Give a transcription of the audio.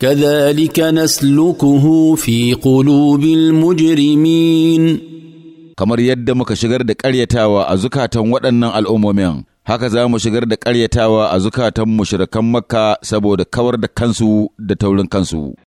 كذلك نسلكه في قلوب المجرمين kamar yadda muka shigar da ƙaryatawa a zukatan waɗannan al'ummomin haka za mu shigar da ƙaryatawa a zukatan mushrikan makka saboda kawar da kansu da taurin kansu